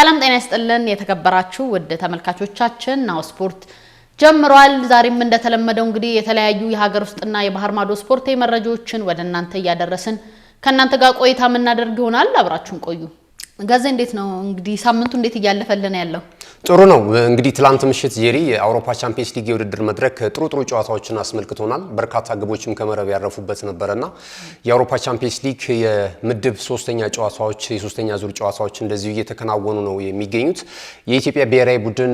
ሰላም ጤና ይስጥልን። የተከበራችሁ ውድ ተመልካቾቻችን ናሁ ስፖርት ጀምሯል። ዛሬም እንደተለመደው እንግዲህ የተለያዩ የሀገር ውስጥና የባህር ማዶ ስፖርታዊ መረጃዎችን ወደ እናንተ እያደረስን ከእናንተ ጋር ቆይታ የምናደርግ ይሆናል። አብራችሁን ቆዩ። ገዜ እንዴት ነው እንግዲህ ሳምንቱ እንዴት እያለፈልን ያለው? ጥሩ ነው እንግዲህ ትላንት ምሽት ጄሪ የአውሮፓ ቻምፒየንስ ሊግ የውድድር መድረክ ጥሩ ጥሩ ጨዋታዎችን አስመልክቶናል። በርካታ ግቦችም ከመረብ ያረፉበት ነበረና የአውሮፓ ቻምፒየንስ ሊግ የምድብ ሶስተኛ ጨዋታዎች የሶስተኛ ዙር ጨዋታዎች እንደዚሁ እየተከናወኑ ነው የሚገኙት። የኢትዮጵያ ብሔራዊ ቡድን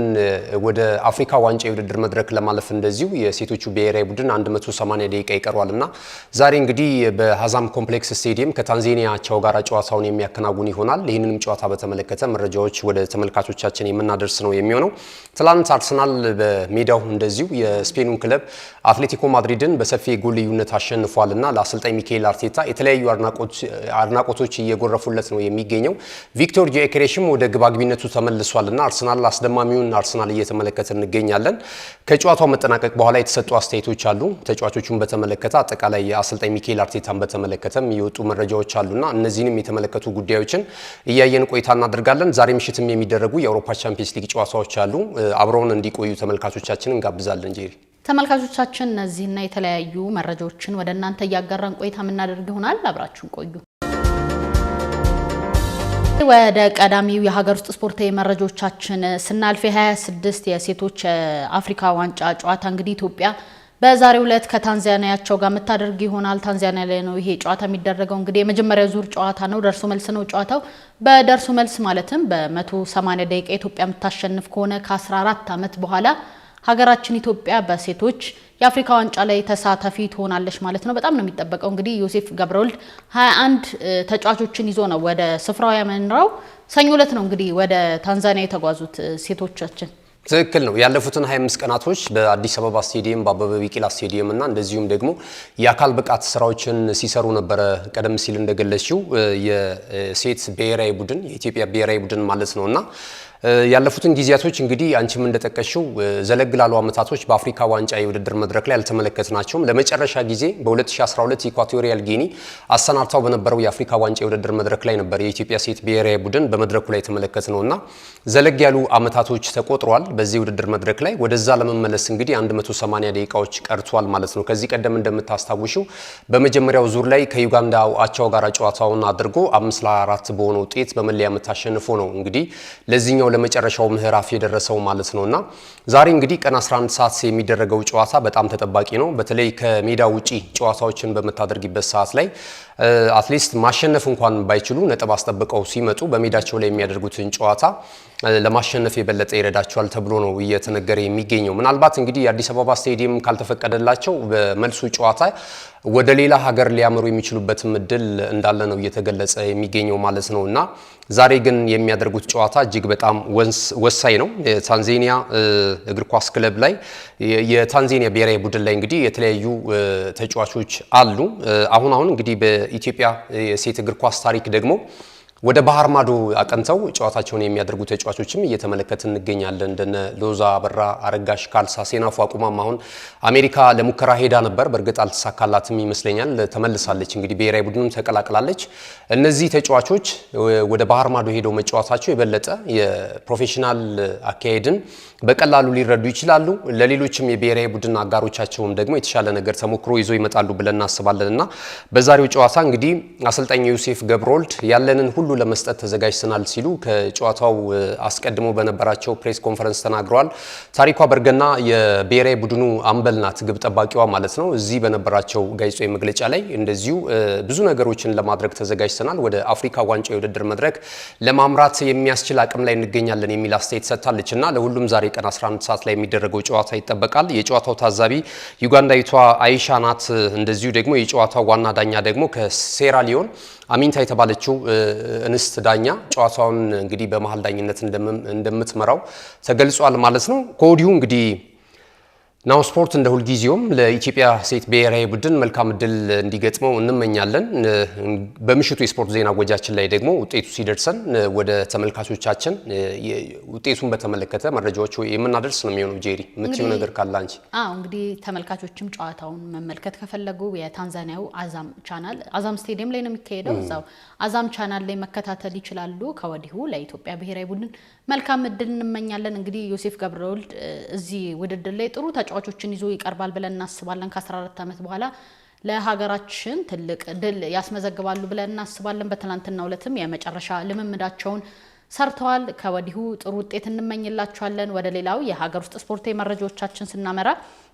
ወደ አፍሪካ ዋንጫ የውድድር መድረክ ለማለፍ እንደዚሁ የሴቶቹ ብሔራዊ ቡድን 180 ደቂቃ ይቀረዋል ዛሬ እንግዲህ በሀዛም ኮምፕሌክስ ስቴዲየም ከታንዛኒያ አቻው ጋር ጨዋታውን የሚያከናውን ይሆናል። ይህንንም ጨዋታ በተመለከተ መረጃዎች ወደ ተመልካቾቻችን የምናደርስ ነው የሚሆነው። ትላንት አርሰናል በሜዳው እንደዚሁ የስፔኑን ክለብ አትሌቲኮ ማድሪድን በሰፊ ጎል ልዩነት አሸንፏል እና ለአሰልጣኝ ሚካኤል አርቴታ የተለያዩ አድናቆቶች እየጎረፉለት ነው የሚገኘው። ቪክቶር ጆኤክሬሽም ወደ ግባግቢነቱ ተመልሷል እና አርሰናል አስደማሚውን አርሰናል እየተመለከተ እንገኛለን። ከጨዋታው መጠናቀቅ በኋላ የተሰጡ አስተያየቶች አሉ። ተጫዋቾቹን በተመለከተ አጠቃላይ የአሰልጣኝ ሚካኤል አርቴታን በተመለከተም የወጡ መረጃዎች አሉና እነዚህንም የተመለከቱ ጉዳዮችን እያየን ቆይታ እናደርጋለን። ዛሬ ምሽትም የሚደረጉ የአውሮፓ ቻምፒየንስ ሊግ እንግዲህ ጨዋታዎች አሉ። አብረውን እንዲቆዩ ተመልካቾቻችን እንጋብዛለን። ጄሪ ተመልካቾቻችን እነዚህና የተለያዩ መረጃዎችን ወደ እናንተ እያጋራን ቆይታ የምናደርግ ይሆናል። አብራችሁን ቆዩ። ወደ ቀዳሚው የሀገር ውስጥ ስፖርታዊ መረጃዎቻችን ስናልፍ የ26 የሴቶች አፍሪካ ዋንጫ ጨዋታ እንግዲህ ኢትዮጵያ በዛሬው ዕለት ከታንዛኒያቸው ጋር የምታደርግ ይሆናል። ታንዛኒያ ላይ ነው ይሄ ጨዋታ የሚደረገው። እንግዲህ የመጀመሪያ ዙር ጨዋታ ነው፣ ደርሶ መልስ ነው ጨዋታው። በደርሶ መልስ ማለትም በ180 ደቂቃ ኢትዮጵያ የምታሸንፍ ከሆነ ከ14 ዓመት በኋላ ሀገራችን ኢትዮጵያ በሴቶች የአፍሪካ ዋንጫ ላይ ተሳታፊ ትሆናለች ማለት ነው። በጣም ነው የሚጠበቀው። እንግዲህ ዮሴፍ ገብረወልድ 21 ተጫዋቾችን ይዞ ነው ወደ ስፍራው ያመራው። ሰኞ ዕለት ነው እንግዲህ ወደ ታንዛኒያ የተጓዙት ሴቶቻችን ትክክል ነው። ያለፉትን 25 ቀናቶች በአዲስ አበባ ስቴዲየም በአበበ ቢቂላ ስቴዲየም እና እንደዚሁም ደግሞ የአካል ብቃት ስራዎችን ሲሰሩ ነበረ። ቀደም ሲል እንደገለችው የሴት ብሔራዊ ቡድን የኢትዮጵያ ብሔራዊ ቡድን ማለት ነው እና ያለፉትን ጊዜያቶች እንግዲህ አንቺም እንደጠቀሽው ዘለግ ላሉ ዓመታቶች በአፍሪካ ዋንጫ የውድድር መድረክ ላይ ናቸውም ለመጨረሻ ጊዜ በ2012 ኢኳቶሪያል ጊኒ አሰናብታው በነበረው የአፍሪካ ዋንጫ የውድድር መድረክ ላይ ነበር የኢትዮጵያ ሴት ብሔራዊ ቡድን በመድረኩ ላይ የተመለከት ነው እና ዘለግ ያሉ አመታቶች ተቆጥሯል። በዚህ የውድድር መድረክ ላይ ወደዛ ለመመለስ እንግዲህ 180 ደቂቃዎች ቀርቷል ማለት ነው። ከዚህ ቀደም እንደምታስታውሽው በመጀመሪያው ዙር ላይ ከዩጋንዳ አቻው ጋር ጨዋታውን አድርጎ አምስት ለአራት በሆነ ውጤት በመለያ ምት አሸንፎ ነው እንግዲህ ለዚህኛው ለዚህኛው ለመጨረሻው ምዕራፍ የደረሰው ማለት ነውና ዛሬ እንግዲህ ቀን 11 ሰዓት የሚደረገው ጨዋታ በጣም ተጠባቂ ነው። በተለይ ከሜዳ ውጪ ጨዋታዎችን በምታደርጊበት ሰዓት ላይ አትሊስት ማሸነፍ እንኳን ባይችሉ ነጥብ አስጠብቀው ሲመጡ በሜዳቸው ላይ የሚያደርጉትን ጨዋታ ለማሸነፍ የበለጠ ይረዳቸዋል ተብሎ ነው እየተነገረ የሚገኘው። ምናልባት እንግዲህ የአዲስ አበባ ስቴዲየም ካልተፈቀደላቸው በመልሱ ጨዋታ ወደ ሌላ ሀገር ሊያመሩ የሚችሉበትም እድል እንዳለ ነው እየተገለጸ የሚገኘው ማለት ነው እና ዛሬ ግን የሚያደርጉት ጨዋታ እጅግ በጣም ወሳኝ ነው። የታንዛኒያ እግር ኳስ ክለብ ላይ የታንዛኒያ ብሔራዊ ቡድን ላይ እንግዲህ የተለያዩ ተጫዋቾች አሉ። አሁን አሁን እንግዲህ በኢትዮጵያ የሴት እግር ኳስ ታሪክ ደግሞ ወደ ባህር ማዶ አቀንተው ጨዋታቸውን የሚያደርጉ ተጫዋቾችም እየተመለከት እንገኛለን። እንደነ ሎዛ አበራ፣ አረጋሽ ካልሳ፣ ሴናፉ አቁማም አሁን አሜሪካ ለሙከራ ሄዳ ነበር። በእርግጥ አልተሳካላትም ይመስለኛል። ተመልሳለች እንግዲህ ብሔራዊ ቡድንም ተቀላቅላለች። እነዚህ ተጫዋቾች ወደ ባህር ማዶ ሄደው መጫወታቸው የበለጠ የፕሮፌሽናል አካሄድን በቀላሉ ሊረዱ ይችላሉ። ለሌሎችም የብሔራዊ ቡድን አጋሮቻቸውም ደግሞ የተሻለ ነገር ተሞክሮ ይዞ ይመጣሉ ብለን እናስባለን እና በዛሬው ጨዋታ እንግዲህ አሰልጣኝ ዮሴፍ ገብረወልድ ያለንን ሁሉ ለመስጠት ተዘጋጅተናል ሲሉ ከጨዋታው አስቀድሞ በነበራቸው ፕሬስ ኮንፈረንስ ተናግረዋል። ታሪኳ በርገና የብሔራዊ ቡድኑ አምበል ናት፣ ግብ ጠባቂዋ ማለት ነው። እዚህ በነበራቸው ጋዜጣዊ መግለጫ ላይ እንደዚሁ ብዙ ነገሮችን ለማድረግ ተዘጋጅተናል፣ ወደ አፍሪካ ዋንጫ የውድድር መድረክ ለማምራት የሚያስችል አቅም ላይ እንገኛለን የሚል አስተያየት ሰጥታለች እና ለሁሉም ዛሬ ዛሬ ቀን 11 ሰዓት ላይ የሚደረገው ጨዋታ ይጠበቃል። የጨዋታው ታዛቢ ዩጋንዳዊቷ አይሻ ናት። እንደዚሁ ደግሞ የጨዋታው ዋና ዳኛ ደግሞ ከሴራ ሊዮን አሚንታ የተባለችው እንስት ዳኛ ጨዋታውን እንግዲህ በመሀል ዳኝነት እንደምትመራው ተገልጿል ማለት ነው። ከወዲሁ እንግዲህ ናሁ ስፖርት እንደ ሁልጊዜውም ለኢትዮጵያ ሴት ብሔራዊ ቡድን መልካም እድል እንዲገጥመው እንመኛለን። በምሽቱ የስፖርት ዜና ጎጃችን ላይ ደግሞ ውጤቱ ሲደርሰን ወደ ተመልካቾቻችን ውጤቱን በተመለከተ መረጃዎች የምናደርስ ነው የሚሆነው። ጄሪ የምትይው ነገር ካለ አንቺ? አዎ እንግዲህ ተመልካቾችም ጨዋታውን መመልከት ከፈለጉ የታንዛኒያው አዛም ቻናል አዛም ስቴዲየም ላይ ነው የሚካሄደው። እዛው አዛም ቻናል ላይ መከታተል ይችላሉ። ከወዲሁ ለኢትዮጵያ ብሔራዊ ቡድን መልካም እድል እንመኛለን። እንግዲህ ዮሴፍ ገብረወልድ እዚህ ውድድር ላይ ጥሩ ተጫዋቾችን ይዞ ይቀርባል ብለን እናስባለን። ከ14 ዓመት በኋላ ለሀገራችን ትልቅ ድል ያስመዘግባሉ ብለን እናስባለን። በትናንትናው ዕለትም የመጨረሻ ልምምዳቸውን ሰርተዋል። ከወዲሁ ጥሩ ውጤት እንመኝላቸዋለን። ወደ ሌላው የሀገር ውስጥ ስፖርታዊ መረጃዎቻችን ስናመራ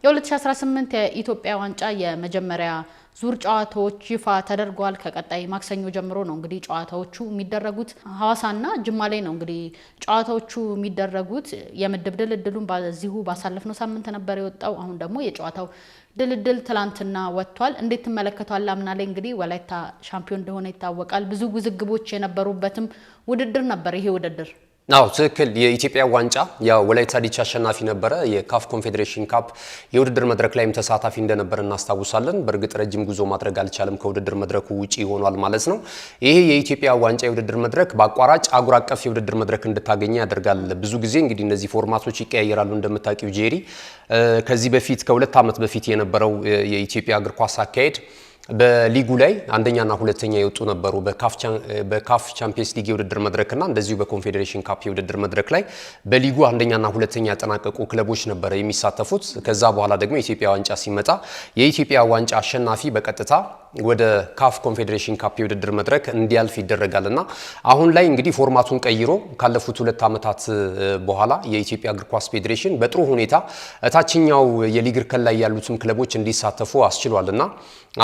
የ2018 የኢትዮጵያ ዋንጫ የመጀመሪያ ዙር ጨዋታዎች ይፋ ተደርጓል። ከቀጣይ ማክሰኞ ጀምሮ ነው እንግዲህ ጨዋታዎቹ የሚደረጉት። ሀዋሳና ጅማ ላይ ነው እንግዲህ ጨዋታዎቹ የሚደረጉት። የምድብ ድልድሉን በዚሁ ባሳለፍነው ሳምንት ነበር የወጣው። አሁን ደግሞ የጨዋታው ድልድል ትላንትና ወጥቷል። እንዴት ትመለከቷል? አምና ላይ እንግዲህ ወላይታ ሻምፒዮን እንደሆነ ይታወቃል። ብዙ ውዝግቦች የነበሩበትም ውድድር ነበር ይሄ ውድድር አዎ ትክክል። የኢትዮጵያ ዋንጫ የወላይታ ዲቻ አሸናፊ ነበረ። የካፍ ኮንፌዴሬሽን ካፕ የውድድር መድረክ ላይም ተሳታፊ እንደነበር እናስታውሳለን። በእርግጥ ረጅም ጉዞ ማድረግ አልቻለም፣ ከውድድር መድረኩ ውጪ ሆኗል ማለት ነው። ይሄ የኢትዮጵያ ዋንጫ የውድድር መድረክ በአቋራጭ አጉር አቀፍ የውድድር መድረክ እንድታገኘ ያደርጋል። ብዙ ጊዜ እንግዲህ እነዚህ ፎርማቶች ይቀያየራሉ እንደምታውቂው ጄሪ። ከዚህ በፊት ከሁለት ዓመት በፊት የነበረው የኢትዮጵያ እግር ኳስ አካሄድ በሊጉ ላይ አንደኛና ሁለተኛ የወጡ ነበሩ። በካፍ ቻምፒየንስ ሊግ የውድድር መድረክና እንደዚሁ በኮንፌዴሬሽን ካፕ የውድድር መድረክ ላይ በሊጉ አንደኛና ሁለተኛ ያጠናቀቁ ክለቦች ነበረ የሚሳተፉት። ከዛ በኋላ ደግሞ የኢትዮጵያ ዋንጫ ሲመጣ የኢትዮጵያ ዋንጫ አሸናፊ በቀጥታ ወደ ካፍ ኮንፌዴሬሽን ካፕ የውድድር መድረክ እንዲያልፍ ይደረጋል አሁን ላይ እንግዲህ ፎርማቱን ቀይሮ ካለፉት ሁለት ዓመታት በኋላ የኢትዮጵያ እግር ኳስ ፌዴሬሽን በጥሩ ሁኔታ ታችኛው የሊግ እርከን ላይ ያሉትም ክለቦች እንዲሳተፉ አስችሏል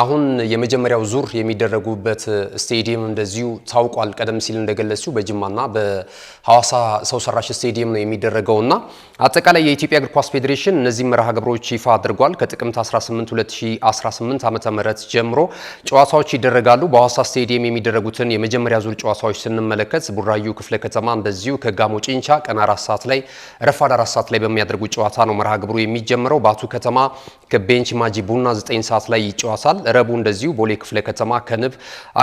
አሁን የመጀመሪያው ዙር የሚደረጉበት ስቴዲየም እንደዚሁ ታውቋል። ቀደም ሲል እንደገለጽው በጅማና በሐዋሳ ሰው ሰራሽ ስቴዲየም ነው የሚደረገው እና አጠቃላይ የኢትዮጵያ እግር ኳስ ፌዴሬሽን እነዚህ መርሃ ግብሮች ይፋ አድርጓል። ከጥቅምት 18 2018 ም ጀምሮ ጨዋታዎች ይደረጋሉ። በሐዋሳ ስቴዲየም የሚደረጉትን የመጀመሪያ ዙር ጨዋታዎች ስንመለከት ቡራዩ ክፍለ ከተማ እንደዚሁ ከጋሞ ጭንቻ ቀን አራት ሰዓት ላይ ረፋድ አራት ሰዓት ላይ በሚያደርጉት ጨዋታ ነው መርሃ ግብሩ የሚጀምረው። ባቱ ከተማ ከቤንች ማጂ ቡና 9 ሰዓት ላይ ይጨዋታል። ረቡ እንደዚሁ ቦሌ ክፍለ ከተማ ከንብ፣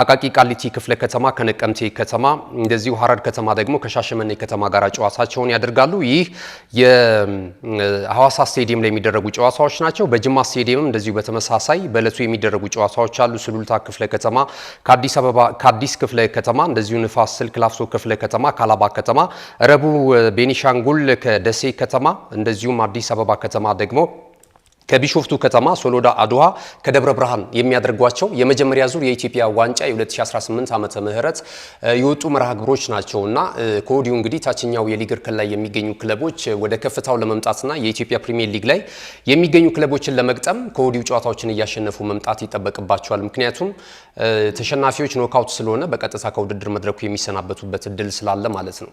አቃቂ ቃሊቲ ክፍለ ከተማ ከነቀምቴ ከተማ፣ እንደዚሁ ሀረር ከተማ ደግሞ ከሻሸመኔ ከተማ ጋር ጨዋታቸውን ያደርጋሉ። ይህ የሐዋሳ ስቴዲየም ላይ የሚደረጉ ጨዋታዎች ናቸው። በጅማ ስቴዲየምም እንደዚሁ በተመሳሳይ በእለቱ የሚደረጉ ጨዋታዎች ይጠብቃሉ። ስሉልታ ክፍለ ከተማ ከአዲስ አበባ ከአዲስ ክፍለ ከተማ እንደዚሁ ንፋስ ስልክ ላፍሶ ክፍለ ከተማ ካላባ ከተማ ረቡ ቤኒሻንጉል ከደሴ ከተማ እንደዚሁም አዲስ አበባ ከተማ ደግሞ ከቢሾፍቱ ከተማ ሶሎዳ አድዋ ከደብረ ብርሃን የሚያደርጓቸው የመጀመሪያ ዙር የኢትዮጵያ ዋንጫ የ2018 ዓመተ ምህረት የወጡ መርሃ ግብሮች ናቸውና ከወዲሁ እንግዲህ ታችኛው የሊግ እርከን ላይ የሚገኙ ክለቦች ወደ ከፍታው ለመምጣትና የኢትዮጵያ ፕሪሚየር ሊግ ላይ የሚገኙ ክለቦችን ለመግጠም ከወዲሁ ጨዋታዎችን እያሸነፉ መምጣት ይጠበቅባቸዋል። ምክንያቱም ተሸናፊዎች ኖካውት ስለሆነ በቀጥታ ከውድድር መድረኩ የሚሰናበቱበት እድል ስላለ ማለት ነው።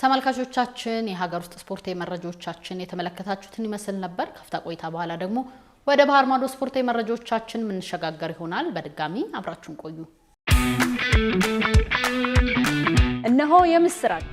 ተመልካቾቻችን የሀገር ውስጥ ስፖርታዊ መረጃዎቻችን የተመለከታችሁትን ይመስል ነበር። ከፍታ ቆይታ በኋላ ደግሞ ወደ ባህር ማዶ ስፖርታዊ መረጃዎቻችን የምንሸጋገር ይሆናል። በድጋሚ አብራችሁን ቆዩ። እነሆ የምስራች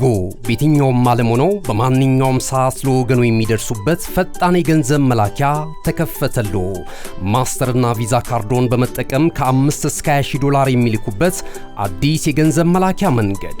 ጎ በየትኛውም ዓለም ሆኖ በማንኛውም ሰዓት ለወገኑ የሚደርሱበት ፈጣን የገንዘብ መላኪያ ተከፈተሎ። ማስተርና ቪዛ ካርዶን በመጠቀም ከ5 እስከ 20 ዶላር የሚልኩበት አዲስ የገንዘብ መላኪያ መንገድ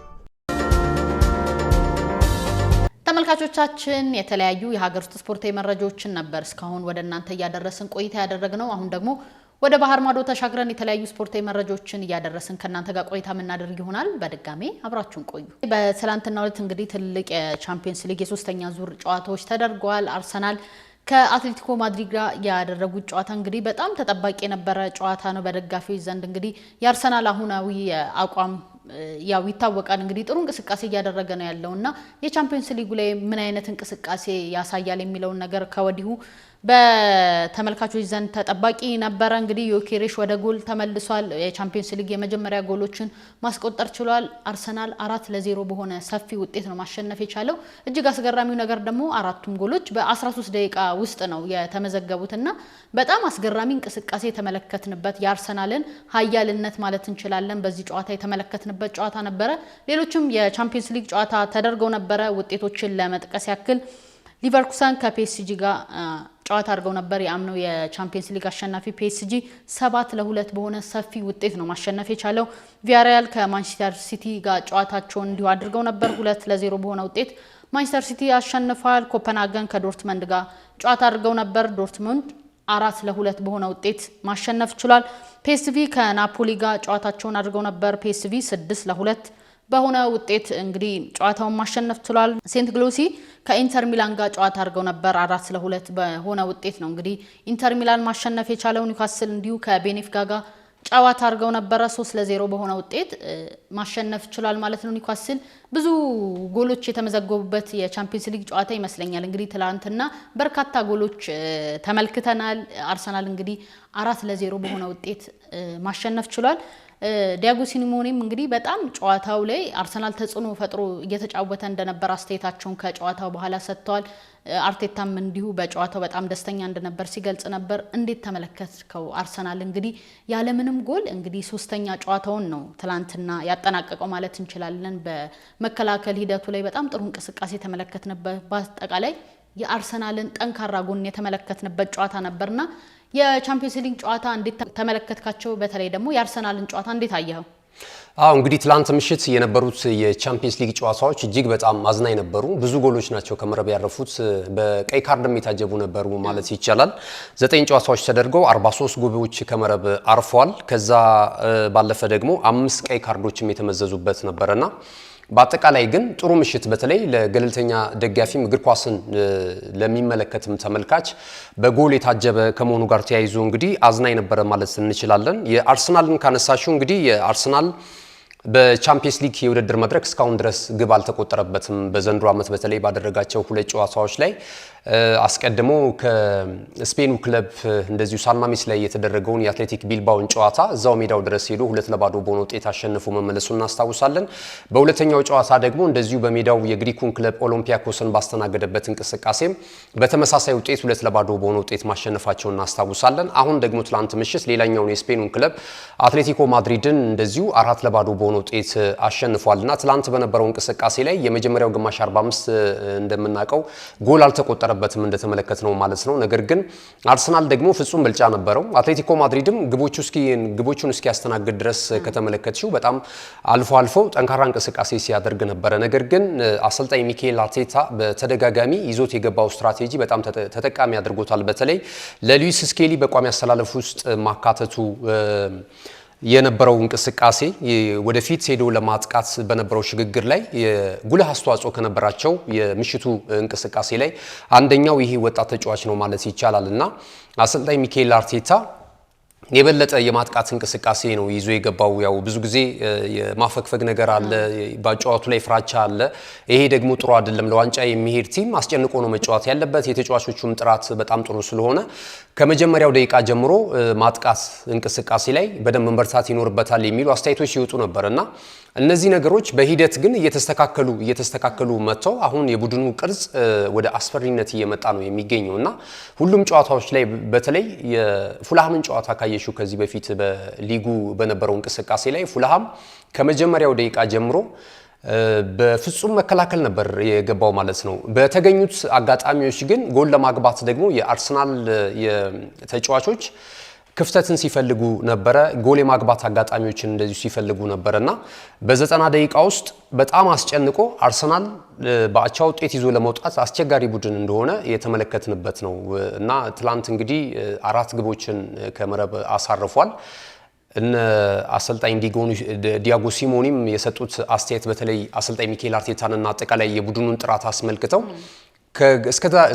ቻችን የተለያዩ የሀገር ውስጥ ስፖርታዊ መረጃዎችን ነበር እስካሁን ወደ እናንተ እያደረስን ቆይታ ያደረግነው። አሁን ደግሞ ወደ ባህር ማዶ ተሻግረን የተለያዩ ስፖርታዊ መረጃዎችን እያደረስን ከእናንተ ጋር ቆይታ የምናደርግ ይሆናል። በድጋሜ አብራችሁን ቆዩ። በትላንትናው ዕለት እንግዲህ ትልቅ የቻምፒየንስ ሊግ የሶስተኛ ዙር ጨዋታዎች ተደርገዋል። አርሰናል ከአትሌቲኮ ማድሪድ ጋር ያደረጉት ጨዋታ እንግዲህ በጣም ተጠባቂ የነበረ ጨዋታ ነው። በደጋፊዎች ዘንድ እንግዲህ የአርሰናል አሁናዊ አቋም ያው ይታወቃል እንግዲህ ጥሩ እንቅስቃሴ እያደረገ ነው ያለው እና የቻምፒዮንስ ሊጉ ላይ ምን አይነት እንቅስቃሴ ያሳያል የሚለውን ነገር ከወዲሁ በተመልካቾች ዘንድ ተጠባቂ ነበረ። እንግዲህ ዮኬሬሽ ወደ ጎል ተመልሷል። የቻምፒየንስ ሊግ የመጀመሪያ ጎሎችን ማስቆጠር ችሏል። አርሰናል አራት ለዜሮ በሆነ ሰፊ ውጤት ነው ማሸነፍ የቻለው። እጅግ አስገራሚው ነገር ደግሞ አራቱም ጎሎች በ13 ደቂቃ ውስጥ ነው የተመዘገቡት እና በጣም አስገራሚ እንቅስቃሴ የተመለከትንበት የአርሰናልን ኃያልነት ማለት እንችላለን በዚህ ጨዋታ የተመለከትንበት ጨዋታ ነበረ። ሌሎችም የቻምፒየንስ ሊግ ጨዋታ ተደርገው ነበረ። ውጤቶችን ለመጥቀስ ያክል ሊቨርኩሰን ከፒኤስጂ ጋር ጨዋታ አድርገው ነበር። የአምነው የቻምፒየንስ ሊግ አሸናፊ ፒኤስጂ ሰባት ለሁለት በሆነ ሰፊ ውጤት ነው ማሸነፍ የቻለው። ቪያሪያል ከማንቸስተር ሲቲ ጋር ጨዋታቸውን እንዲሁ አድርገው ነበር። ሁለት ለዜሮ በሆነ ውጤት ማንቸስተር ሲቲ አሸንፏል። ኮፐንሃገን ከዶርትመንድ ጋር ጨዋታ አድርገው ነበር። ዶርትመንድ አራት ለሁለት በሆነ ውጤት ማሸነፍ ችሏል። ፒኤስቪ ከናፖሊ ጋር ጨዋታቸውን አድርገው ነበር። ፒኤስቪ ስድስት ለሁለት በሆነ ውጤት እንግዲህ ጨዋታውን ማሸነፍ ችሏል። ሴንት ግሎሲ ከኢንተር ሚላን ጋር ጨዋታ አድርገው ነበር። አራት ለሁለት በሆነ ውጤት ነው እንግዲህ ኢንተር ሚላን ማሸነፍ የቻለው። ኒውካስል እንዲሁ ከቤኔፊካ ጋር ጨዋታ አድርገው ነበረ። ሶስት ለዜሮ በሆነ ውጤት ማሸነፍ ችሏል ማለት ነው። ኒውካስል ብዙ ጎሎች የተመዘገቡበት የቻምፒየንስ ሊግ ጨዋታ ይመስለኛል። እንግዲህ ትላንትና በርካታ ጎሎች ተመልክተናል። አርሰናል እንግዲህ አራት ለዜሮ በሆነ ውጤት ማሸነፍ ችሏል። ዲያጎ ሲሞኔም እንግዲህ በጣም ጨዋታው ላይ አርሰናል ተጽዕኖ ፈጥሮ እየተጫወተ እንደነበር አስተያየታቸውን ከጨዋታው በኋላ ሰጥተዋል። አርቴታም እንዲሁ በጨዋታው በጣም ደስተኛ እንደነበር ሲገልጽ ነበር። እንዴት ተመለከትከው? አርሰናል እንግዲህ ያለምንም ጎል እንግዲህ ሶስተኛ ጨዋታውን ነው ትላንትና ያጠናቀቀው ማለት እንችላለን። በመከላከል ሂደቱ ላይ በጣም ጥሩ እንቅስቃሴ የተመለከትንበት በአጠቃላይ የአርሰናልን ጠንካራ ጎን የተመለከትንበት ጨዋታ ነበርና የቻምፒየንስ ሊግ ጨዋታ እንዴት ተመለከትካቸው? በተለይ ደግሞ የአርሰናልን ጨዋታ እንዴት አየኸው? አዎ እንግዲህ ትላንት ምሽት የነበሩት የቻምፒየንስ ሊግ ጨዋታዎች እጅግ በጣም አዝናኝ ነበሩ። ብዙ ጎሎች ናቸው ከመረብ ያረፉት፣ በቀይ ካርድም የታጀቡ ነበሩ ማለት ይቻላል። ዘጠኝ ጨዋታዎች ተደርገው 43 ግቦች ከመረብ አርፈዋል። ከዛ ባለፈ ደግሞ አምስት ቀይ ካርዶችም የተመዘዙበት ነበረና በአጠቃላይ ግን ጥሩ ምሽት በተለይ ለገለልተኛ ደጋፊም እግር ኳስን ለሚመለከትም ተመልካች በጎል የታጀበ ከመሆኑ ጋር ተያይዞ እንግዲህ አዝና ነበረ ማለት እንችላለን። የአርሰናልን ካነሳሽው እንግዲህ የአርሰናል በቻምፒየንስ ሊግ የውድድር መድረክ እስካሁን ድረስ ግብ አልተቆጠረበትም። በዘንድሮ ዓመት በተለይ ባደረጋቸው ሁለት ጨዋታዎች ላይ አስቀድሞ ከስፔኑ ክለብ እንደዚሁ ሳንማሜስ ላይ የተደረገውን የአትሌቲክ ቢልባውን ጨዋታ እዛው ሜዳው ድረስ ሄዶ ሁለት ለባዶ በሆነ ውጤት አሸንፎ መመለሱ እናስታውሳለን። በሁለተኛው ጨዋታ ደግሞ እንደዚሁ በሜዳው የግሪኩን ክለብ ኦሎምፒያኮስን ባስተናገደበት እንቅስቃሴም በተመሳሳይ ውጤት ሁለት ለባዶ በሆነ ውጤት ማሸነፋቸው እናስታውሳለን። አሁን ደግሞ ትላንት ምሽት ሌላኛውን የስፔኑን ክለብ አትሌቲኮ ማድሪድን እንደዚሁ አራት ለባዶ በሆነ ውጤት አሸንፏል እና ትላንት በነበረው እንቅስቃሴ ላይ የመጀመሪያው ግማሽ 45 እንደምናውቀው ጎል አልተቆጠረ አልተሻረበትም እንደተመለከት ነው ማለት ነው። ነገር ግን አርሰናል ደግሞ ፍጹም ብልጫ ነበረው። አትሌቲኮ ማድሪድም ግቦቹ እስኪ ግቦቹን እስኪያስተናግድ ድረስ ከተመለከትሽው በጣም አልፎ አልፎ ጠንካራ እንቅስቃሴ ሲያደርግ ነበረ። ነገር ግን አሰልጣኝ ሚካኤል አርቴታ በተደጋጋሚ ይዞት የገባው ስትራቴጂ በጣም ተጠቃሚ አድርጎታል። በተለይ ለሉዊስ ስኬሊ በቋሚ አሰላለፍ ውስጥ ማካተቱ የነበረው እንቅስቃሴ ወደፊት ሄዶ ለማጥቃት በነበረው ሽግግር ላይ ጉልህ አስተዋጽኦ ከነበራቸው የምሽቱ እንቅስቃሴ ላይ አንደኛው ይሄ ወጣት ተጫዋች ነው ማለት ይቻላል እና አሰልጣኝ ሚካኤል አርቴታ የበለጠ የማጥቃት እንቅስቃሴ ነው ይዞ የገባው። ያው ብዙ ጊዜ የማፈግፈግ ነገር አለ፣ በጨዋቱ ላይ ፍራቻ አለ። ይሄ ደግሞ ጥሩ አይደለም። ለዋንጫ የሚሄድ ቲም አስጨንቆ ነው መጫወት ያለበት። የተጫዋቾቹም ጥራት በጣም ጥሩ ስለሆነ ከመጀመሪያው ደቂቃ ጀምሮ ማጥቃት እንቅስቃሴ ላይ በደንብ መበርታት ይኖርበታል የሚሉ አስተያየቶች ሲወጡ ነበር እና እነዚህ ነገሮች በሂደት ግን እየተስተካከሉ እየተስተካከሉ መጥተው አሁን የቡድኑ ቅርጽ ወደ አስፈሪነት እየመጣ ነው የሚገኘው እና ሁሉም ጨዋታዎች ላይ በተለይ የፉልሃምን ጨዋታ ካየሽው ከዚህ በፊት በሊጉ በነበረው እንቅስቃሴ ላይ ፉልሃም ከመጀመሪያው ደቂቃ ጀምሮ በፍጹም መከላከል ነበር የገባው ማለት ነው። በተገኙት አጋጣሚዎች ግን ጎል ለማግባት ደግሞ የአርሰናል ተጫዋቾች ክፍተትን ሲፈልጉ ነበረ። ጎል የማግባት አጋጣሚዎችን እንደዚሁ ሲፈልጉ ነበረ እና በዘጠና ደቂቃ ውስጥ በጣም አስጨንቆ አርሰናል በአቻ ውጤት ይዞ ለመውጣት አስቸጋሪ ቡድን እንደሆነ የተመለከትንበት ነው እና ትላንት እንግዲህ አራት ግቦችን ከመረብ አሳርፏል። እነ አሰልጣኝ ዲያጎ ሲሞኒም የሰጡት አስተያየት በተለይ አሰልጣኝ ሚካኤል አርቴታንና አጠቃላይ የቡድኑን ጥራት አስመልክተው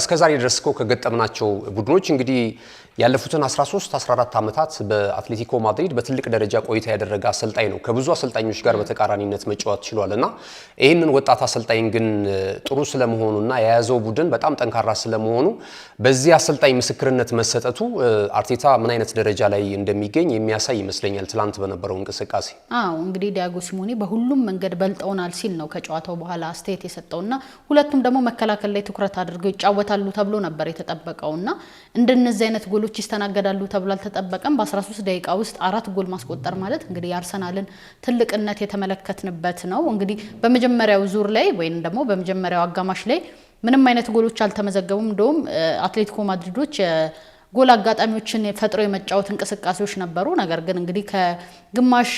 እስከ ዛሬ ድረስ እኮ ከገጠምናቸው ቡድኖች እንግዲህ ያለፉትን 13 14 ዓመታት በአትሌቲኮ ማድሪድ በትልቅ ደረጃ ቆይታ ያደረገ አሰልጣኝ ነው። ከብዙ አሰልጣኞች ጋር በተቃራኒነት መጫወት ችሏል እና ይህንን ወጣት አሰልጣኝ ግን ጥሩ ስለመሆኑ እና የያዘው ቡድን በጣም ጠንካራ ስለመሆኑ በዚህ አሰልጣኝ ምስክርነት መሰጠቱ አርቴታ ምን አይነት ደረጃ ላይ እንደሚገኝ የሚያሳይ ይመስለኛል። ትላንት በነበረው እንቅስቃሴ አዎ እንግዲህ ዲያጎ ሲሞኔ በሁሉም መንገድ በልጠውናል ሲል ነው ከጨዋታው በኋላ አስተያየት የሰጠውና ሁለቱም ደግሞ መከላከል ላይ ትኩረት ትኩረት አድርገው ይጫወታሉ ተብሎ ነበር የተጠበቀው እና እንደነዚህ አይነት ጎሎች ይስተናገዳሉ ተብሎ አልተጠበቀም። በ13 ደቂቃ ውስጥ አራት ጎል ማስቆጠር ማለት እንግዲህ የአርሰናልን ትልቅነት የተመለከትንበት ነው። እንግዲህ በመጀመሪያው ዙር ላይ ወይም ደግሞ በመጀመሪያው አጋማሽ ላይ ምንም አይነት ጎሎች አልተመዘገቡም። እንደውም አትሌቲኮ ማድሪዶች ጎል አጋጣሚዎችን ፈጥሮ የመጫወት እንቅስቃሴዎች ነበሩ። ነገር ግን እንግዲህ ከግማሽ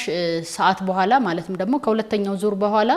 ሰዓት በኋላ ማለትም ደግሞ ከሁለተኛው ዙር በኋላ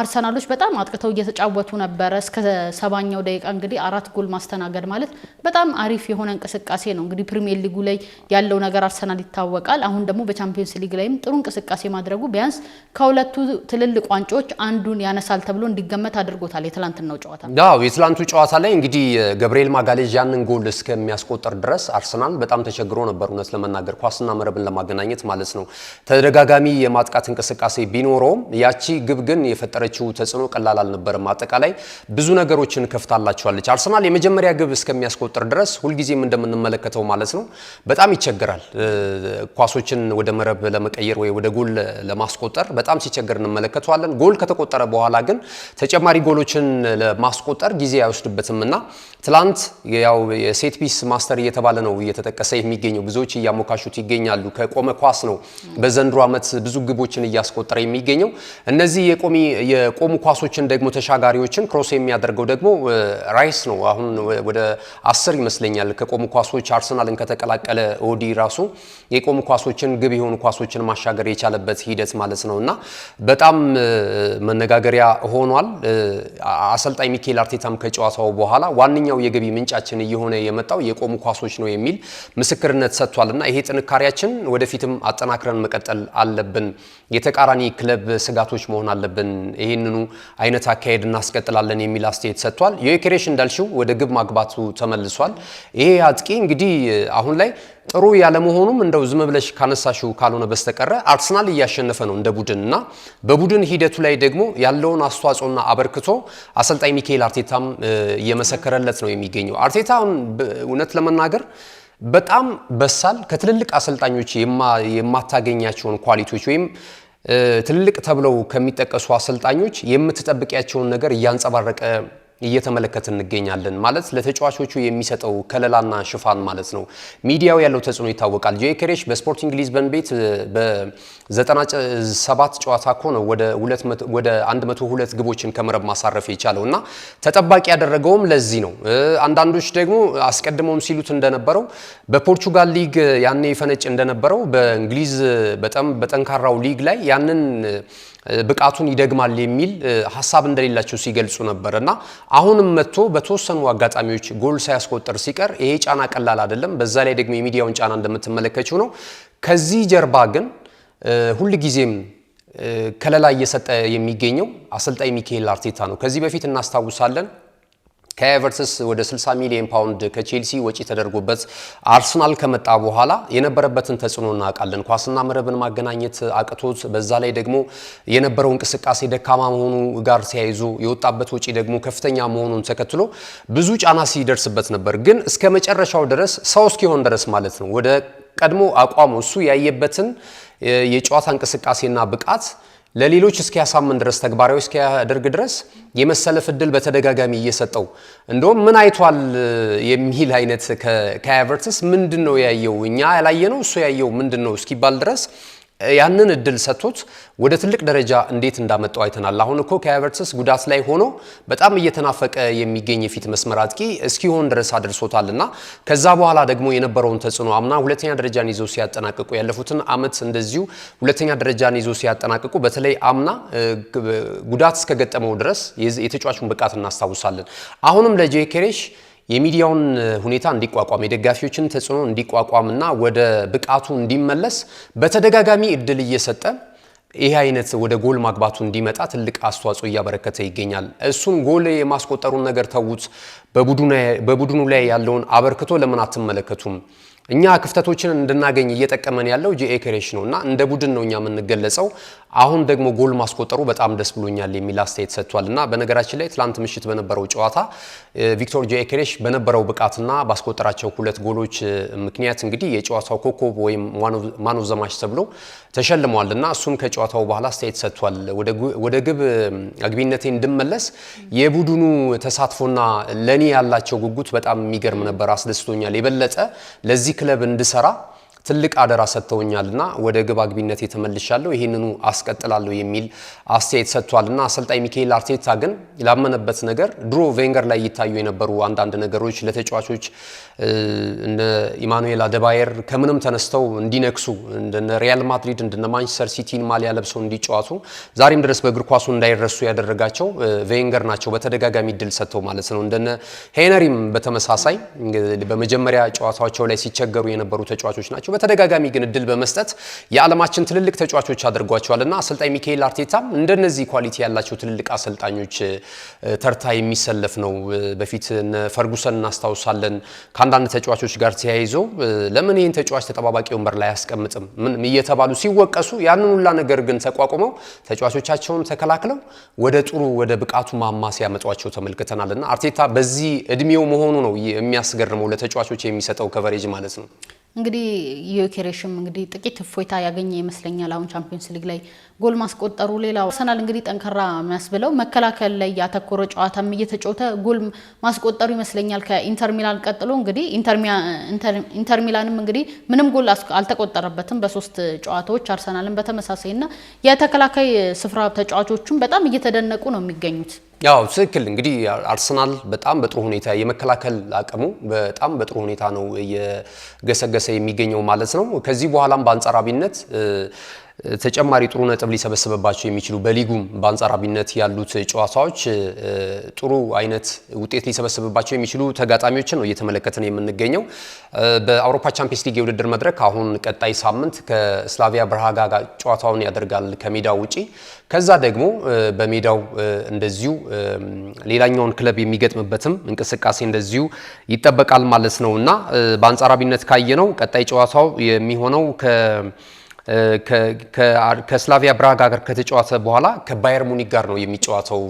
አርሰናሎች በጣም አጥቅተው እየተጫወቱ ነበረ። እስከ ሰባኛው ደቂቃ እንግዲህ አራት ጎል ማስተናገድ ማለት በጣም አሪፍ የሆነ እንቅስቃሴ ነው። እንግዲህ ፕሪሚየር ሊጉ ላይ ያለው ነገር አርሰናል ይታወቃል። አሁን ደግሞ በቻምፒየንስ ሊግ ላይም ጥሩ እንቅስቃሴ ማድረጉ ቢያንስ ከሁለቱ ትልልቅ ዋንጫዎች አንዱን ያነሳል ተብሎ እንዲገመት አድርጎታል። የትላንትናው ጨዋታ ያው የትላንቱ ጨዋታ ላይ እንግዲህ ገብርኤል ማጋሌዥ ያንን ጎል እስከሚያስቆጥር ድረስ አርሰናል በጣም ተቸግሮ ነበር። እውነት ለመናገር ኳስና መረብን ለማገናኘት ማለት ነው። ተደጋጋሚ የማጥቃት እንቅስቃሴ ቢኖረውም ያቺ ግብ ግን የፈጠረ የፈጠረችው ተጽዕኖ ቀላል አልነበረም። አጠቃላይ ብዙ ነገሮችን ከፍታላቸዋለች። አርሰናል የመጀመሪያ ግብ እስከሚያስቆጥር ድረስ ሁልጊዜም እንደምንመለከተው ማለት ነው በጣም ይቸገራል። ኳሶችን ወደ መረብ ለመቀየር ወይ ወደ ጎል ለማስቆጠር በጣም ሲቸገር እንመለከተዋለን። ጎል ከተቆጠረ በኋላ ግን ተጨማሪ ጎሎችን ለማስቆጠር ጊዜ አይወስድበትም እና ትላንት ያው የሴት ፒስ ማስተር እየተባለ ነው እየተጠቀሰ የሚገኘው ብዙዎች እያሞካሹት ይገኛሉ። ከቆመ ኳስ ነው በዘንድሮ ዓመት ብዙ ግቦችን እያስቆጠረ የሚገኘው እነዚህ የቆሚ የቆሙ ኳሶችን ደግሞ ተሻጋሪዎችን ክሮስ የሚያደርገው ደግሞ ራይስ ነው። አሁን ወደ አስር ይመስለኛል ከቆሙ ኳሶች አርሰናልን ከተቀላቀለ ኦዲ ራሱ የቆሙ ኳሶችን ግብ የሆኑ ኳሶችን ማሻገር የቻለበት ሂደት ማለት ነው እና በጣም መነጋገሪያ ሆኗል። አሰልጣኝ ሚኬል አርቴታም ከጨዋታው በኋላ ዋነኛው የገቢ ምንጫችን እየሆነ የመጣው የቆሙ ኳሶች ነው የሚል ምስክርነት ሰጥቷል እና ይሄ ጥንካሬያችን ወደፊትም አጠናክረን መቀጠል አለብን፣ የተቃራኒ ክለብ ስጋቶች መሆን አለብን ይህንኑ አይነት አካሄድ እናስቀጥላለን የሚል አስተያየት ሰጥቷል። የዩክሬሽ እንዳልሽው ወደ ግብ ማግባቱ ተመልሷል። ይሄ አጥቂ እንግዲህ አሁን ላይ ጥሩ ያለመሆኑም እንደው ዝም ብለሽ ካነሳሽው ካልሆነ በስተቀረ አርሰናል እያሸነፈ ነው እንደ ቡድን እና በቡድን ሂደቱ ላይ ደግሞ ያለውን አስተዋጽኦና አበርክቶ አሰልጣኝ ሚካኤል አርቴታም እየመሰከረለት ነው የሚገኘው። አርቴታም እውነት ለመናገር በጣም በሳል ከትልልቅ አሰልጣኞች የማታገኛቸውን ኳሊቲዎች ወይም ትልልቅ ተብለው ከሚጠቀሱ አሰልጣኞች የምትጠብቂያቸውን ነገር እያንጸባረቀ እየተመለከት እንገኛለን። ማለት ለተጫዋቾቹ የሚሰጠው ከለላና ሽፋን ማለት ነው። ሚዲያው ያለው ተጽዕኖ ይታወቃል። ጆኬሬሽ በስፖርቲንግ ሊዝበን ቤት በ97 ጨዋታ እኮ ነው ወደ 102 ግቦችን ከመረብ ማሳረፍ የቻለው እና ተጠባቂ ያደረገውም ለዚህ ነው። አንዳንዶች ደግሞ አስቀድመውም ሲሉት እንደነበረው በፖርቹጋል ሊግ ያኔ ፈነጭ እንደነበረው በእንግሊዝ በጣም በጠንካራው ሊግ ላይ ያንን ብቃቱን ይደግማል የሚል ሀሳብ እንደሌላቸው ሲገልጹ ነበር እና አሁንም መጥቶ በተወሰኑ አጋጣሚዎች ጎል ሳያስቆጠር ሲቀር ይሄ ጫና ቀላል አይደለም። በዛ ላይ ደግሞ የሚዲያውን ጫና እንደምትመለከችው ነው። ከዚህ ጀርባ ግን ጊዜም ከለላ እየሰጠ የሚገኘው አሰልጣኝ ሚካኤል አርቴታ ነው። ከዚህ በፊት እናስታውሳለን ከኤቨርተስ ወደ 60 ሚሊዮን ፓውንድ ከቼልሲ ወጪ ተደርጎበት አርሰናል ከመጣ በኋላ የነበረበትን ተጽዕኖ እናውቃለን። ኳስና መረብን ማገናኘት አቅቶት በዛ ላይ ደግሞ የነበረው እንቅስቃሴ ደካማ መሆኑ ጋር ተያይዞ የወጣበት ወጪ ደግሞ ከፍተኛ መሆኑን ተከትሎ ብዙ ጫና ሲደርስበት ነበር። ግን እስከ መጨረሻው ድረስ ሰው እስኪሆን ድረስ ማለት ነው ወደ ቀድሞ አቋሙ እሱ ያየበትን የጨዋታ እንቅስቃሴና ብቃት ለሌሎች እስኪያሳምን ድረስ ተግባራዊ እስኪያደርግ ድረስ የመሰለፍ እድል በተደጋጋሚ እየሰጠው እንደውም ምን አይቷል የሚል አይነት ከካያቨርትስ ምንድን ነው ያየው እኛ ያላየነው እሱ ያየው ምንድን ነው እስኪባል ድረስ ያንን እድል ሰጥቶት ወደ ትልቅ ደረጃ እንዴት እንዳመጣው አይተናል። አሁን እኮ ከሃቨርትስ ጉዳት ላይ ሆኖ በጣም እየተናፈቀ የሚገኝ የፊት መስመር አጥቂ እስኪሆን ድረስ አድርሶታል እና ከዛ በኋላ ደግሞ የነበረውን ተጽዕኖ አምና ሁለተኛ ደረጃን ይዞ ሲያጠናቅቁ ያለፉትን አመት እንደዚሁ ሁለተኛ ደረጃን ይዞ ሲያጠናቅቁ በተለይ አምና ጉዳት እስከገጠመው ድረስ የተጫዋቹን ብቃት እናስታውሳለን። አሁንም ለጄኬሬሽ የሚዲያውን ሁኔታ እንዲቋቋም የደጋፊዎችን ተጽዕኖ እንዲቋቋምና ወደ ብቃቱ እንዲመለስ በተደጋጋሚ እድል እየሰጠ ይህ አይነት ወደ ጎል ማግባቱ እንዲመጣ ትልቅ አስተዋጽኦ እያበረከተ ይገኛል። እሱን ጎል የማስቆጠሩን ነገር ተዉት፣ በቡድኑ ላይ ያለውን አበርክቶ ለምን አትመለከቱም? እኛ ክፍተቶችን እንድናገኝ እየጠቀመን ያለው ጂኤ ክሬሽ ነው እና እንደ ቡድን ነው እኛ የምንገለጸው። አሁን ደግሞ ጎል ማስቆጠሩ በጣም ደስ ብሎኛል የሚል አስተያየት ሰጥቷል። እና በነገራችን ላይ ትላንት ምሽት በነበረው ጨዋታ ቪክቶር ጂኤ ክሬሽ በነበረው ብቃትና ባስቆጠራቸው ሁለት ጎሎች ምክንያት እንግዲህ የጨዋታው ኮከብ ወይም ማን ኦፍ ዘ ማች ተብሎ ተሸልመዋል። እና እሱም ከጨዋታው በኋላ አስተያየት ሰጥቷል። ወደ ግብ አግቢነቴ እንድመለስ የቡድኑ ተሳትፎና ለእኔ ያላቸው ጉጉት በጣም የሚገርም ነበር፣ አስደስቶኛል። የበለጠ ለዚህ ክለብ እንድሰራ ትልቅ አደራ ሰጥተውኛልና ወደ ግብ አግቢነት የተመልሻለሁ ይህንኑ አስቀጥላለሁ የሚል አስተያየት ሰጥቷልና አሰልጣኝ ሚካኤል አርቴታ ግን ላመነበት ነገር ድሮ ቬንገር ላይ ይታዩ የነበሩ አንዳንድ ነገሮች ለተጫዋቾች እንደ ኢማኑኤል አደባየር ከምንም ተነስተው እንዲነክሱ እንደነ ሪያል ማድሪድ እንደነ ማንቸስተር ሲቲን ማሊያ ለብሰው እንዲጫወቱ ዛሬም ድረስ በእግር ኳሱ እንዳይረሱ ያደረጋቸው ቬንገር ናቸው። በተደጋጋሚ ድል ሰጥተው ማለት ነው። እንደነ ሄነሪም በተመሳሳይ በመጀመሪያ ጨዋታቸው ላይ ሲቸገሩ የነበሩ ተጫዋቾች ናቸው። በተደጋጋሚ ግን እድል በመስጠት የዓለማችን ትልልቅ ተጫዋቾች አድርጓቸዋልና አሰልጣኝ ሚካኤል አርቴታም እንደነዚህ ኳሊቲ ያላቸው ትልልቅ አሰልጣኞች ተርታ የሚሰለፍ ነው። በፊት ፈርጉሰን እናስታውሳለን። ከአንዳንድ ተጫዋቾች ጋር ተያይዘው ለምን ይህን ተጫዋች ተጠባባቂ ወንበር ላይ አያስቀምጥም ምን እየተባሉ ሲወቀሱ ያንን ሁላ ነገር ግን ተቋቁመው ተጫዋቾቻቸውን ተከላክለው ወደ ጥሩ ወደ ብቃቱ ማማ ሲያመጧቸው ተመልክተናልና አርቴታ በዚህ እድሜው መሆኑ ነው የሚያስገርመው ለተጫዋቾች የሚሰጠው ከቨሬጅ ማለት ነው። እንግዲህ ዩኬሬሽም እንግዲህ ጥቂት እፎይታ ያገኘ ይመስለኛል። አሁን ቻምፒዮንስ ሊግ ላይ ጎል ማስቆጠሩ። ሌላው አርሰናል እንግዲህ ጠንካራ የሚያስብለው መከላከል ላይ ያተኮረ ጨዋታም እየተጫወተ ጎል ማስቆጠሩ ይመስለኛል። ከኢንተር ሚላን ቀጥሎ እንግዲህ ኢንተር ሚላንም እንግዲህ ምንም ጎል አልተቆጠረበትም በሶስት ጨዋታዎች አርሰናልን በተመሳሳይና የተከላካይ ስፍራ ተጫዋቾቹም በጣም እየተደነቁ ነው የሚገኙት። ያው ትክክል እንግዲህ አርሰናል በጣም በጥሩ ሁኔታ የመከላከል አቅሙ በጣም በጥሩ ሁኔታ ነው እየገሰገሰ የሚገኘው ማለት ነው። ከዚህ በኋላም በአንጻራዊነት ተጨማሪ ጥሩ ነጥብ ሊሰበስብባቸው የሚችሉ በሊጉም በአንጻራቢነት ያሉት ጨዋታዎች ጥሩ አይነት ውጤት ሊሰበስብባቸው የሚችሉ ተጋጣሚዎችን ነው እየተመለከትን የምንገኘው። በአውሮፓ ቻምፒየንስ ሊግ የውድድር መድረክ አሁን ቀጣይ ሳምንት ከስላቪያ ብርሃጋ ጋር ጨዋታውን ያደርጋል ከሜዳው ውጪ። ከዛ ደግሞ በሜዳው እንደዚሁ ሌላኛውን ክለብ የሚገጥምበትም እንቅስቃሴ እንደዚሁ ይጠበቃል ማለት ነው እና በአንጻራቢነት ካየነው ቀጣይ ጨዋታው የሚሆነው ከ ከስላቪያ ብራጋ ጋር ከተጫወተ በኋላ ከባየር ሙኒክ ጋር ነው የሚጫወተው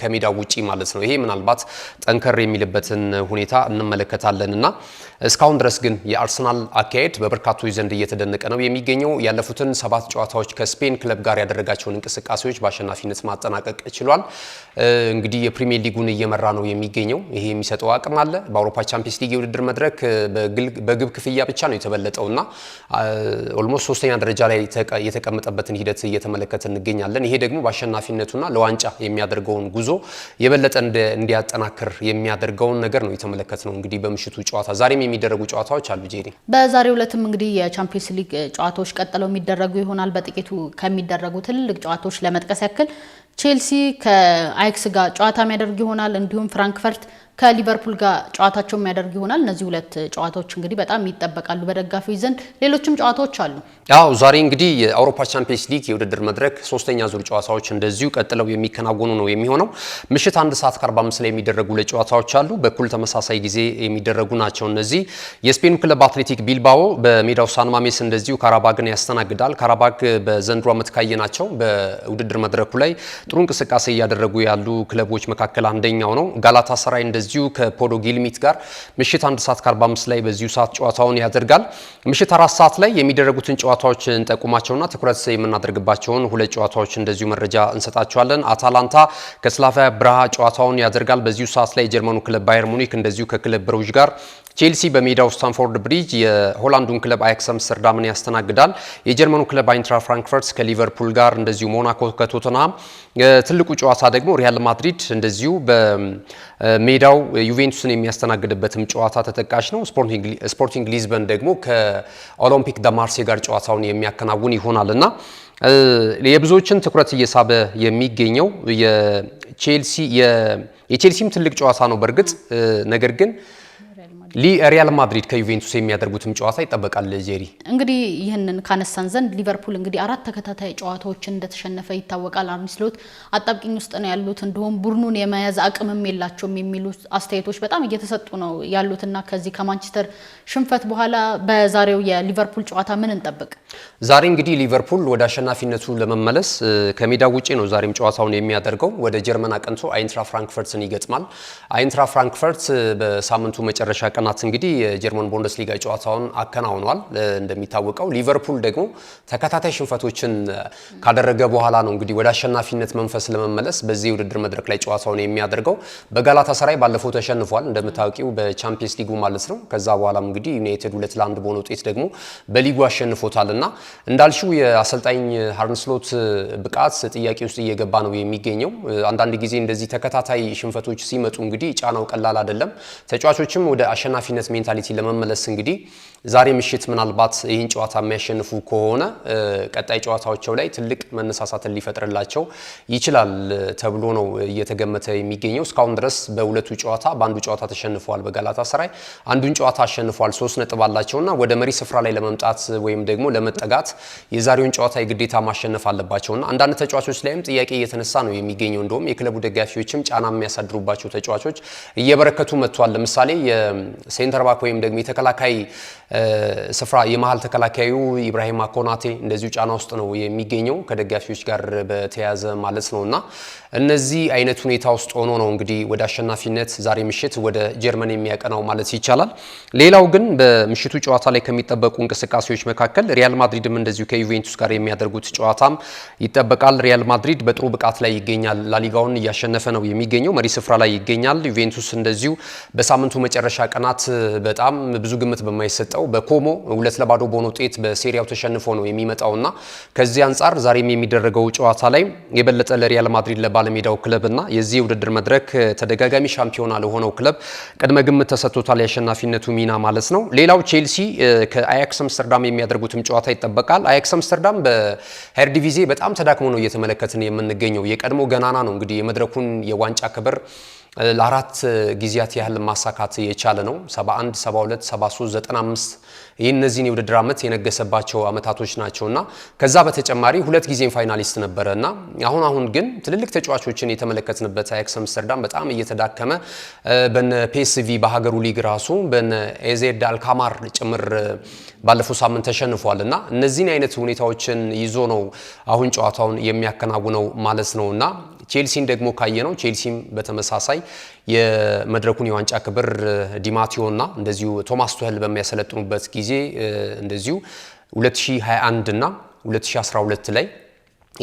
ከሜዳ ውጪ ማለት ነው። ይሄ ምናልባት ጠንከር የሚልበትን ሁኔታ እንመለከታለን እና እስካሁን ድረስ ግን የአርሰናል አካሄድ በበርካቶች ዘንድ እየተደነቀ ነው የሚገኘው። ያለፉትን ሰባት ጨዋታዎች ከስፔን ክለብ ጋር ያደረጋቸውን እንቅስቃሴዎች በአሸናፊነት ማጠናቀቅ ችሏል። እንግዲህ የፕሪሚየር ሊጉን እየመራ ነው የሚገኘው። ይሄ የሚሰጠው አቅም አለ። በአውሮፓ ቻምፒየንስ ሊግ የውድድር መድረክ በግብ ክፍያ ብቻ ነው የተበለጠው እና ኦልሞስት ሶስተኛ ደረጃ ላይ የተቀመጠበትን ሂደት እየተመለከተ እንገኛለን። ይሄ ደግሞ በአሸናፊነቱና ለዋንጫ የሚያደርገውን ጉዞ የበለጠ እንዲያጠናክር የሚያደርገውን ነገር ነው የተመለከት ነው። እንግዲህ በምሽቱ ጨዋታ ዛሬም የሚደረጉ ጨዋታዎች አሉ። ጄሪ በዛሬ ሁለትም እንግዲህ የቻምፒየንስ ሊግ ጨዋታዎች ቀጥለው የሚደረጉ ይሆናል። በጥቂቱ ከሚደረጉ ትልልቅ ጨዋታዎች ለመጥቀስ ያክል ቼልሲ ከአይክስ ጋር ጨዋታ የሚያደርግ ይሆናል። እንዲሁም ፍራንክፈርት ከሊቨርፑል ጋር ጨዋታቸው የሚያደርግ ይሆናል። እነዚህ ሁለት ጨዋታዎች እንግዲህ በጣም ይጠበቃሉ በደጋፊ ዘንድ። ሌሎችም ጨዋታዎች አሉ። ያው ዛሬ እንግዲህ የአውሮፓ ቻምፒየንስ ሊግ የውድድር መድረክ ሶስተኛ ዙር ጨዋታዎች እንደዚሁ ቀጥለው የሚከናወኑ ነው የሚሆነው። ምሽት አንድ ሰዓት ከ45 ላይ የሚደረጉ ጨዋታዎች አሉ። በኩል ተመሳሳይ ጊዜ የሚደረጉ ናቸው እነዚህ። የስፔኑ ክለብ አትሌቲክ ቢልባኦ በሜዳው ሳንማሜስ እንደዚሁ ካራባግን ያስተናግዳል። ካራባግ በዘንድሮ ዓመት ካየናቸው በውድድር መድረኩ ላይ ጥሩ እንቅስቃሴ እያደረጉ ያሉ ክለቦች መካከል አንደኛው ነው። ጋላታ ሰራይ እንደዚሁ ከፖዶ ጊልሚት ጋር ምሽት አንድ ሰዓት ከ45 ላይ በዚሁ ሰዓት ጨዋታውን ያደርጋል። ምሽት አራት ሰዓት ላይ የሚደረጉትን ጨዋታዎች እንጠቁማቸውና ትኩረት የምናደርግባቸውን ሁለት ጨዋታዎች እንደዚሁ መረጃ እንሰጣቸዋለን። አታላንታ ከስላቪያ ብርሃ ጨዋታውን ያደርጋል። በዚሁ ሰዓት ላይ የጀርመኑ ክለብ ባየር ሙኒክ እንደዚሁ ከክለብ ብሩጅ ጋር ቼልሲ በሜዳው ስታንፎርድ ብሪጅ የሆላንዱን ክለብ አያክስ አምስተርዳምን ያስተናግዳል። የጀርመኑ ክለብ አይንትራ ፍራንክፈርት ከሊቨርፑል ጋር እንደዚሁ፣ ሞናኮ ከቶተናም ትልቁ ጨዋታ ደግሞ ሪያል ማድሪድ እንደዚሁ በሜዳው ዩቬንቱስን የሚያስተናግድበትም ጨዋታ ተጠቃሽ ነው። ስፖርቲንግ ሊዝበን ደግሞ ከኦሎምፒክ ደ ማርሴ ጋር ጨዋታውን የሚያከናውን ይሆናል እና የብዙዎችን ትኩረት እየሳበ የሚገኘው የቼልሲ የቼልሲም ትልቅ ጨዋታ ነው በእርግጥ ነገር ግን ሪያል ማድሪድ ከዩቬንቱስ የሚያደርጉትም ጨዋታ ይጠበቃል። ጄሪ እንግዲህ ይህንን ካነሳን ዘንድ ሊቨርፑል እንግዲህ አራት ተከታታይ ጨዋታዎችን እንደተሸነፈ ይታወቃል። አርነ ስሎት አጣብቂኝ ውስጥ ነው ያሉት፣ እንዲሁም ቡድኑን የመያዝ አቅምም የላቸውም የሚሉ አስተያየቶች በጣም እየተሰጡ ነው ያሉትና ከዚህ ከማንቸስተር ሽንፈት በኋላ በዛሬው የሊቨርፑል ጨዋታ ምን እንጠብቅ? ዛሬ እንግዲህ ሊቨርፑል ወደ አሸናፊነቱ ለመመለስ ከሜዳ ውጪ ነው ዛሬም ጨዋታውን የሚያደርገው። ወደ ጀርመን አቅንቶ አይንትራ ፍራንክፈርትን ይገጥማል። አይንትራ ፍራንክፈርት በሳምንቱ መጨረሻ ቀናት እንግዲህ የጀርመን ቡንደስሊጋ ጨዋታውን አከናውኗል። እንደሚታወቀው ሊቨርፑል ደግሞ ተከታታይ ሽንፈቶችን ካደረገ በኋላ ነው እንግዲህ ወደ አሸናፊነት መንፈስ ለመመለስ በዚህ የውድድር መድረክ ላይ ጨዋታውን የሚያደርገው። በጋላታ ሰራይ ባለፈው ተሸንፏል እንደምታወቂው በቻምፒየንስ ሊጉ ማለት ነው። ከዛ በኋላም እንግዲህ ዩናይትድ ሁለት ለአንድ በሆነ ውጤት ደግሞ በሊጉ አሸንፎታል እና እንዳልሽው የአሰልጣኝ ሃርንስሎት ብቃት ጥያቄ ውስጥ እየገባ ነው የሚገኘው። አንዳንድ ጊዜ እንደዚህ ተከታታይ ሽንፈቶች ሲመጡ እንግዲህ ጫናው ቀላል አይደለም። ተጫዋቾችም ወደ አሸናፊነት ሜንታሊቲ ለመመለስ እንግዲህ ዛሬ ምሽት ምናልባት ይህን ጨዋታ የሚያሸንፉ ከሆነ ቀጣይ ጨዋታዎቸው ላይ ትልቅ መነሳሳትን ሊፈጥርላቸው ይችላል ተብሎ ነው እየተገመተ የሚገኘው። እስካሁን ድረስ በሁለቱ ጨዋታ በአንዱ ጨዋታ ተሸንፈዋል በጋላታ ሰራይ፣ አንዱን ጨዋታ አሸንፏል። ሶስት ነጥብ አላቸውና ወደ መሪ ስፍራ ላይ ለመምጣት ወይም ደግሞ ለመጠጋት የዛሬውን ጨዋታ የግዴታ ማሸነፍ አለባቸውና አንዳንድ ተጫዋቾች ላይም ጥያቄ እየተነሳ ነው የሚገኘው። እንደውም የክለቡ ደጋፊዎችም ጫና የሚያሳድሩባቸው ተጫዋቾች እየበረከቱ መጥቷል። ለምሳሌ የሴንተርባክ ወይም ደግሞ የተከላካይ ስፍራ የመሀል ተከላካዩ ኢብራሂም አኮናቴ እንደዚሁ ጫና ውስጥ ነው የሚገኘው ከደጋፊዎች ጋር በተያያዘ ማለት ነው እና እነዚህ አይነት ሁኔታ ውስጥ ሆኖ ነው እንግዲህ ወደ አሸናፊነት ዛሬ ምሽት ወደ ጀርመን የሚያቀናው ማለት ይቻላል። ሌላው ግን በምሽቱ ጨዋታ ላይ ከሚጠበቁ እንቅስቃሴዎች መካከል ሪያል ማድሪድም እንደዚሁ ከዩቬንቱስ ጋር የሚያደርጉት ጨዋታም ይጠበቃል። ሪያል ማድሪድ በጥሩ ብቃት ላይ ይገኛል። ላሊጋውን እያሸነፈ ነው የሚገኘው፣ መሪ ስፍራ ላይ ይገኛል። ዩቬንቱስ እንደዚሁ በሳምንቱ መጨረሻ ቀናት በጣም ብዙ ግምት በማይሰጠው በኮሞ ሁለት ለባዶ በሆነ ውጤት በሴሪያው ተሸንፎ ነው የሚመጣውና ከዚህ አንጻር ዛሬም የሚደረገው ጨዋታ ላይ የበለጠ ለሪያል ማድሪድ ባለሜዳው ክለብና የዚህ ውድድር መድረክ ተደጋጋሚ ሻምፒዮና ለሆነው ክለብ ቅድመ ግምት ተሰጥቶታል። የአሸናፊነቱ ሚና ማለት ነው። ሌላው ቼልሲ ከአያክስ አምስተርዳም የሚያደርጉትም ጨዋታ ይጠበቃል። አያክስ አምስተርዳም በሄርዲቪዜ በጣም ተዳክሞ ነው እየተመለከትን የምንገኘው። የቀድሞ ገናና ነው እንግዲህ የመድረኩን የዋንጫ ክብር ለአራት ጊዜያት ያህል ማሳካት የቻለ ነው። 71፣ 72፣ 73፣ 95 ይህ እነዚህን የውድድር ዓመት የነገሰባቸው ዓመታቶች ናቸውና ከዛ በተጨማሪ ሁለት ጊዜም ፋይናሊስት ነበረ እና አሁን አሁን ግን ትልልቅ ተጫዋቾችን የተመለከትንበት አያክስ አምስተርዳም በጣም እየተዳከመ በነ ፒኤስቪ በሀገሩ ሊግ ራሱ በነ ኤዜድ አልካማር ጭምር ባለፈው ሳምንት ተሸንፏል እና እነዚህን አይነት ሁኔታዎችን ይዞ ነው አሁን ጨዋታውን የሚያከናውነው ማለት ነው እና ቼልሲን ደግሞ ካየ ነው። ቼልሲም በተመሳሳይ የመድረኩን የዋንጫ ክብር ዲማቲዮና እንደዚሁ ቶማስ ቱኸል በሚያሰለጥኑበት ጊዜ እንደዚሁ 2021 እና 2012 ላይ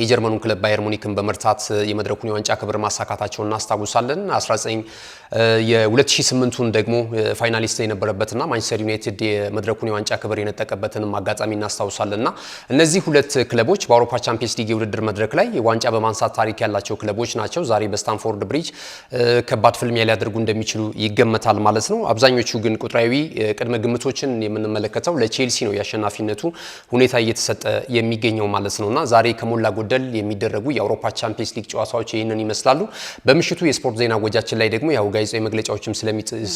የጀርመኑን ክለብ ባየር ሙኒክን በመርታት የመድረኩን የዋንጫ ክብር ማሳካታቸውን እናስታውሳለን። 19 የ2008ቱን ደግሞ ፋይናሊስት የነበረበትና ማንቸስተር ዩናይትድ የመድረኩን የዋንጫ ክብር የነጠቀበትንም አጋጣሚ እናስታውሳለን እና እነዚህ ሁለት ክለቦች በአውሮፓ ቻምፒየንስ ሊግ የውድድር መድረክ ላይ ዋንጫ በማንሳት ታሪክ ያላቸው ክለቦች ናቸው። ዛሬ በስታንፎርድ ብሪጅ ከባድ ፍልሚያ ሊያደርጉ እንደሚችሉ ይገመታል ማለት ነው። አብዛኞቹ ግን ቁጥራዊ ቅድመ ግምቶችን የምንመለከተው ለቼልሲ ነው የአሸናፊነቱ ሁኔታ እየተሰጠ የሚገኘው ማለት ነው እና ዛሬ ከሞላ ጎደል የሚደረጉ የአውሮፓ ቻምፒየንስ ሊግ ጨዋታዎች ይህንን ይመስላሉ። በምሽቱ የስፖርት ዜና ወጃችን ላይ ደግሞ ያው ጋዜጣዊ መግለጫዎችም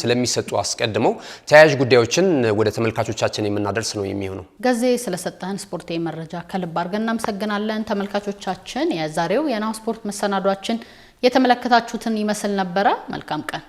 ስለሚሰጡ አስቀድመው ተያያዥ ጉዳዮችን ወደ ተመልካቾቻችን የምናደርስ ነው የሚሆነው። ገዜ ስለሰጠህን ስፖርታዊ መረጃ ከልብ አድርገን እናመሰግናለን። ተመልካቾቻችን የዛሬው የናሁ ስፖርት መሰናዷችን የተመለከታችሁትን ይመስል ነበረ። መልካም ቀን